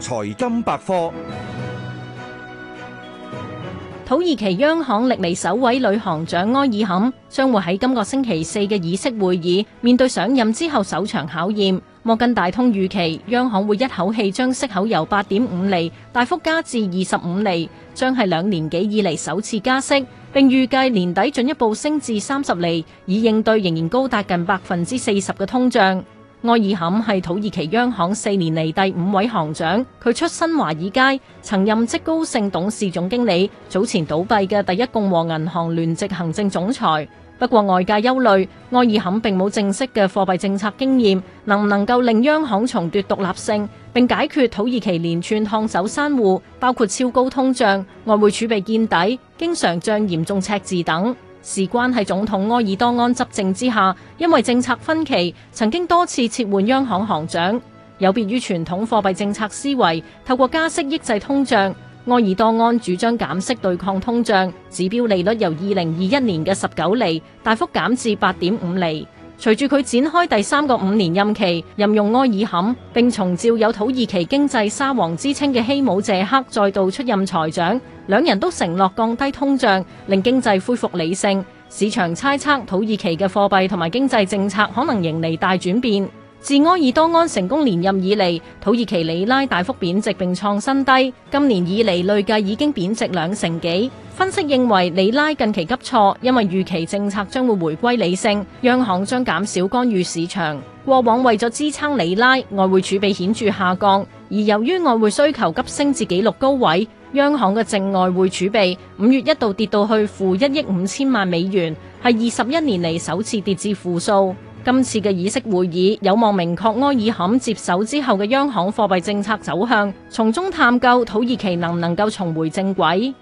財金百科，土耳其央行歷嚟首位女行長埃爾坎將會喺今個星期四嘅議息會議面對上任之後首場考驗。摩根大通預期央行會一口氣將息口由八點五厘大幅加至二十五厘，將係兩年幾以嚟首次加息，並預計年底進一步升至三十厘，以應對仍然高達近百分之四十嘅通脹。埃爾坎係土耳其央行四年嚟第五位行長，佢出身華爾街，曾任職高盛董事總經理，早前倒閉嘅第一共和銀行聯席行政總裁。不過外界憂慮，埃爾坎並冇正式嘅貨幣政策經驗，能唔能夠令央行重奪獨立性，並解決土耳其連串燙手山芋，包括超高通脹、外匯儲備見底、經常賬嚴重赤字等。是關係總統埃爾多安執政之下，因為政策分歧，曾經多次撤換央行行長。有別於傳統貨幣政策思維，透過加息抑制通脹，埃爾多安主張減息對抗通脹，指標利率由二零二一年嘅十九厘大幅減至八點五厘。隨住佢展開第三個五年任期，任用埃爾坎，並重召有土耳其經濟沙皇之稱嘅希姆謝克再度出任財長，兩人都承諾降低通脹，令經濟恢復理性。市場猜測土耳其嘅貨幣同埋經濟政策可能迎嚟大轉變。自埃爾多安成功連任以嚟，土耳其里拉大幅貶值並創新低，今年以嚟累計已經貶值兩成幾。分析認為里拉近期急挫，因為預期政策將會回歸理性，央行將減少干預市場。過往為咗支撐里拉，外匯儲備顯著下降，而由於外匯需求急升至紀錄高位，央行嘅淨外匯儲備五月一度跌到去負一億五千萬美元，係二十一年嚟首次跌至負數。今次嘅議息會議有望明確埃爾坎接手之後嘅央行貨幣政策走向，從中探究土耳其能唔能夠重回正軌。